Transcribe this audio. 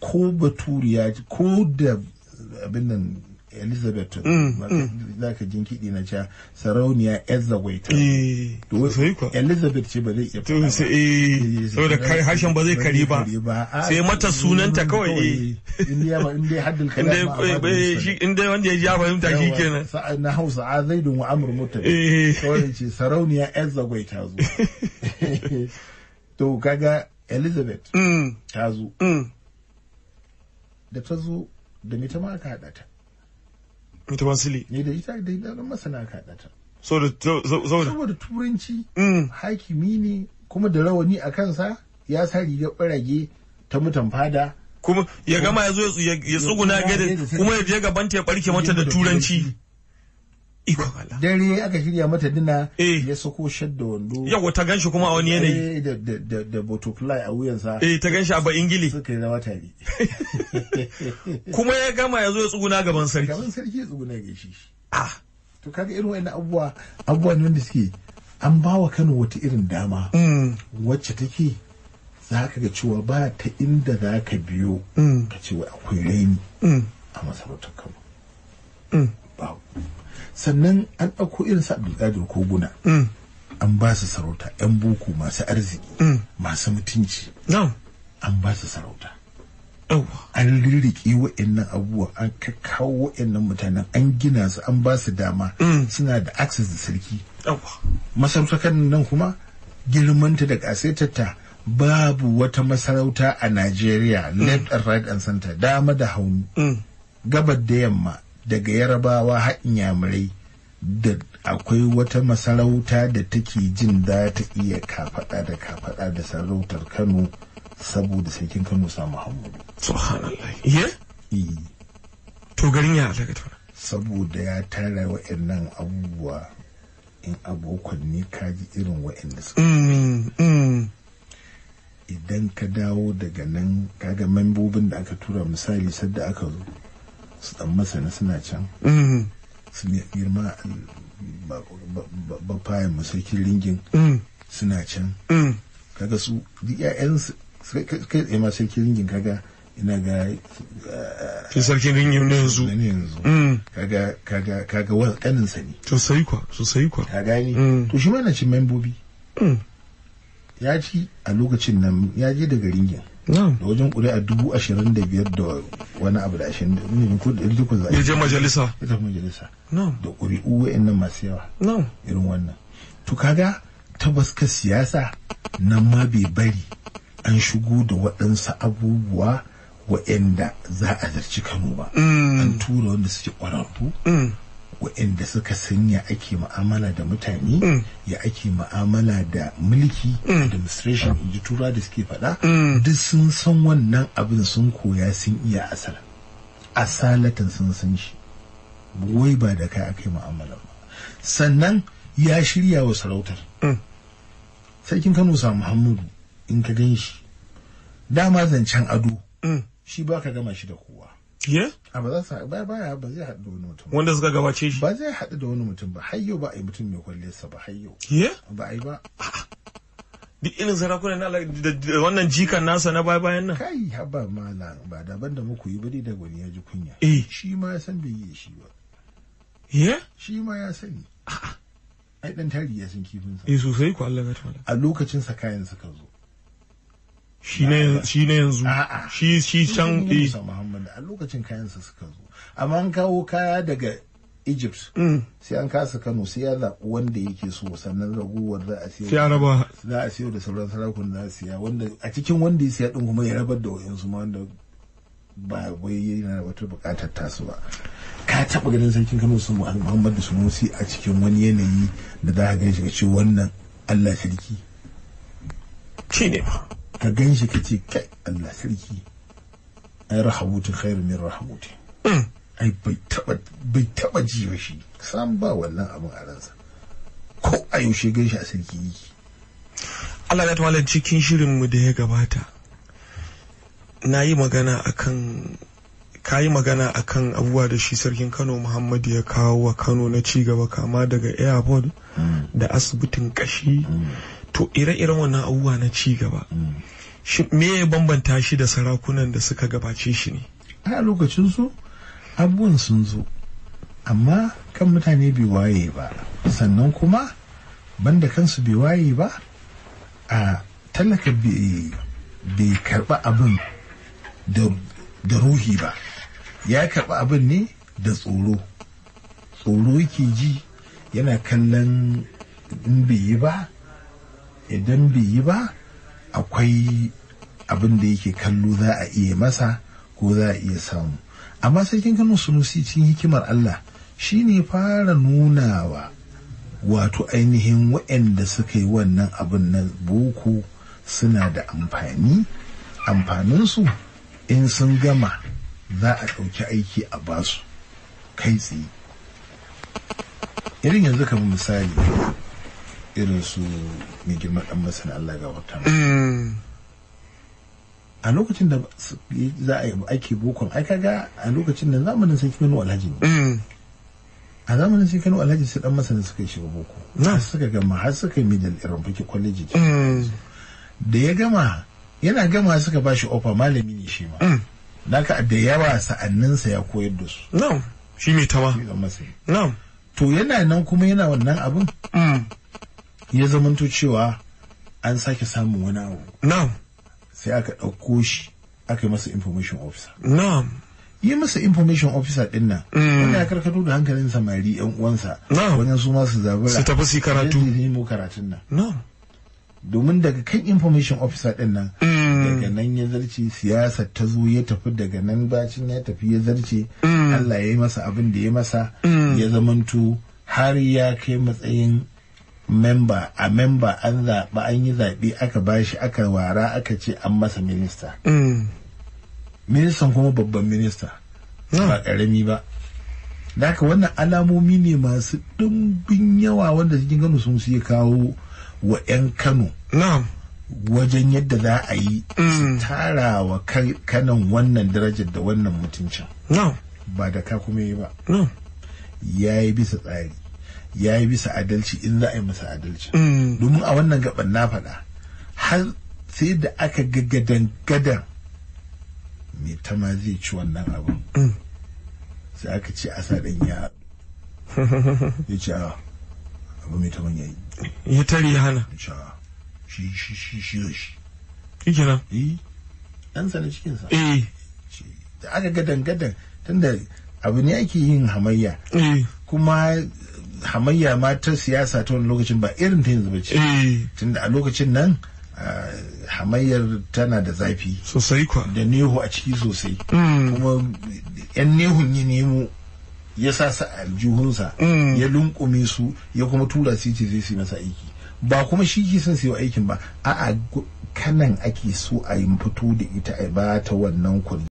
ko baturiya ko da abin nan elizabeth mm, mm. za ka jin kiɗi na ca sarauniya ezawaita eh, elizabeth ce ba zai iya fara eh, eh, saboda harshen ba zai kari ba ah, sai mata sunanta kawai inda ba haddin kalama indiya wanda ya ji fahimta shi kenan na hausa ah, a zai dun wa amur mutum kawai ce sarauniya ezawaita zo to kaga elizabeth mm. ta zo da ta zo da ni ta ma aka haɗa ta ita wasili ne da ita da ita masana aka haɗa ta saboda turanci mm. hakimi ne kuma da rawani a kansa ya sa rigar ɓarage ta mutan fada kuma ya gama ya zo ya tsuguna gadin kuma ya je gaban ta ya barke mata da turanci ikon Allah dare aka shirya mata dina eh. ya sako shadda wando yawa ta ganshi kuma a wani yanayi eh, da butterfly a wuyansa eh ta ganshi a ba ingili suka yi zama tare kuma ya gama ya zo ya tsuguna gaban sarki gaban sarki ya tsuguna ga shi ah to kaga irin wa'annan abubuwa abubuwa ne wanda suke an ba wa Kano wata irin dama mm. wacce take za ka ga cewa ba ta inda za ka biyo mm. ka ce wai akwai raini mm. a masarautar Kano babu sannan an ɗauko irin sa abdulkadir koguna mm. an ba su sarauta yan boko masu arziki mm. masu mutunci an ba su sarauta an lirriki wa'annan abubuwa an kakkawo wa'annan mutanen an gina su an ba su dama mm. suna da access da sarki masamsakan nan kuma girmanta da ƙasaitarta babu wata masarauta a Najeriya left and right and center dama da hauni gabar da yamma daga yarabawa har inyamurai da akwai wata masarauta da take jin za ta iya kafada da kafada da sarautar kano saboda sarkin kano sa muhammadu subhanallah e. to garin ya saboda ya tara wa'annan abubuwa in abokan ne kaji irin wa'anda su mm, mm. idan ka dawo daga nan kaga membobin da aka tura misali sadda aka zo su dan masana suna can mm-hmm. su girma ba fayin masaukin ringin mm-hmm. suna can mm-hmm. kaga su duk su. kai tsaye ma sarkin ringin kaga ina ga shi sarkin ringin na yanzu na yanzu kaga kaga kaga wa kanin sa ne sosai kwa sosai kwa ka gani to shi ma na cin membobi ya ci a lokacin nan ya je daga ringin da wajen ƙuri'a dubu ashirin da biyar da wani abu da ashirin da ne ko da takwas da je majalisa ita majalisa da ƙuri'u wa'annan masu yawa irin wannan to kaga tabbas ka siyasa nan ma bai bari an shigo da waɗansu abubuwa wa'anda za a zarci kano ba mm. an tura wanda suke ƙwararru mm. waɗanda suka sanya ake ma'amala da mutane mm. ya ake ma'amala da mulki mm. administration mm. in ji tura da suke faɗa duk sun san wannan abin sun koya sun iya asala asalatan sun san shi wai ba da kai aka yi ba sannan ya shirya wa sarautar sarkin kano sa muhammadu in ka gan shi dama zancen ado shi ba ka gama shi da kowa ye a ba za su haɗu. ba ba ba zai haɗu da wani mutum wanda suka gabace shi ba zai haɗu da wani mutum ba hayyo ba a yi mutum mai kwalle sa ba hayyo ye ba a yi ba duk irin sarakunan na da wannan jikan nasa na baya bayan nan kai haba malam ba daban da muku yi bari da wani ya ji kunya eh shi ma ya san bai yi shi ba ye shi ma ya sani ah. ai dan tari ya san kifin sa eh sosai ko Allah ya tuna a lokacin sa kayan suka zo shi na yanzu shi shi can eh. a lokacin kayansa suka zo amma an kawo kaya daga egypt mm. sai an kasa kano sai ya zaɓi wanda yake so sannan raguwar za a siya a siyo da sauran sarakun za a siya a cikin wanda ya siya din kuma ya rabar da wayansu ma wanda ba wai yana wata bukatar tasu ba ka taɓa ganin sarkin kano su muhammadu musi a cikin wani yanayi da za a gaishe ce wannan allah sarki shi ne ka gan shi ka ce kai Allah sarki ai rahabutu khairu min rahabuti mm. ai bai taba bai taba ji ba shi sam ba wannan abin a ransa ko a yaushe gan shi a sarki yake Allah ya tawala cikin shirin mu da ya gabata na yi magana akan ka yi magana akan abubuwa da shi sarkin kano muhammadu ya kawo wa kano na cigaba kama daga airport mm. da asibitin kashi mm. to ire-iren wannan abubuwa na ci gaba me ya bambanta shi da sarakunan da suka gabace shi ne a lokacin su abubuwan sun zo amma kan mutane bai waye ba sannan kuma banda kansu bai waye ba a talaka bai karba abin da ruhi ba ya karba abin ne da tsoro tsoro yake ji yana kallon in bai yi ba idan bai yi ba akwai abin da yake kallo za a iya masa ko za a iya samu amma sai kin gano sunusi cikin hikimar Allah shine fara nunawa wato ainihin waɗanda suka yi wannan abin na boko suna da amfani amfaninsu in sun gama za a ɗauki aiki a basu kai tsaye irin yanzu kamar misali irin su mai girma dan masana Allah ga wata a lokacin da za a yi ake bokon ai kaga a lokacin da zamanin sai kano alhaji ne a zamanin sai kano alhaji sai dan masana suka shiga boko na suka gama har suka yi middle irin fake college mm. da ya gama yana gama suka ba shi ofa malami ne shi ma naka mm. da yawa sa'anninsa ya koyar da su na shi mai tawa na'am to yana nan kuma yana wannan abin mm. ya zamanto cewa an sake samun wani abu na'am sai aka ɗauko shi aka yi masa information officer na'am yi masa information officer din nan mm. wanda ya karkato da hankalin samari yan uwansa wajen su masu zabura su tafi su karatu ne karatun nan domin daga kan information officer din nan mm. daga nan ya zarce siyasa ta zo ya tafi daga nan bacin ya tafi ya zarce mm. Allah ya yi masa abin da ya masa ya zamanto har ya kai matsayin memba a memba an zaɓa an yi zaɓe aka bashi aka wara aka ce an masa minista mm. ministan kuma babban minista mm. ba ƙarami ba da haka wannan alamomi ne masu ɗumbin yawa wanda cikin kano sun su kawo wa 'yan kano wajen yadda za a yi mm. tara wa kanan wannan darajar da wannan mutuncin ba da ka kuma yi ba ya yi bisa tsari ya yi bisa adalci in za a yi masa adalci mm. domin a wannan gaban na faɗa har sai da aka ga gadan gadan ta ma zai ci wannan abin mm. sai aka ce a sa ɗan ya ya ce a ah, abu mai taman ya yi ya tare ya hana Ya ah, shi shi shi shi shi kenan yi eh, ɗan sa na cikinsa. eh da aka gadan gadan tunda abu ne ake yin hamayya eh. kuma hamayya ma ta siyasa ta wani lokacin ba irin ta yanzu ba ce eh. tunda a lokacin nan hamayyar tana da zafi sosai kwa da nehu a ciki sosai hmm. kuma yan nehun ya nemo ya sa su aljihunsa hmm. ya lunkume su ya kuma tura su ce zai su masa aiki ba kuma shi ke son su yi aikin ba a'a kanan ake so a yi fito da ita a ba ta wannan kuri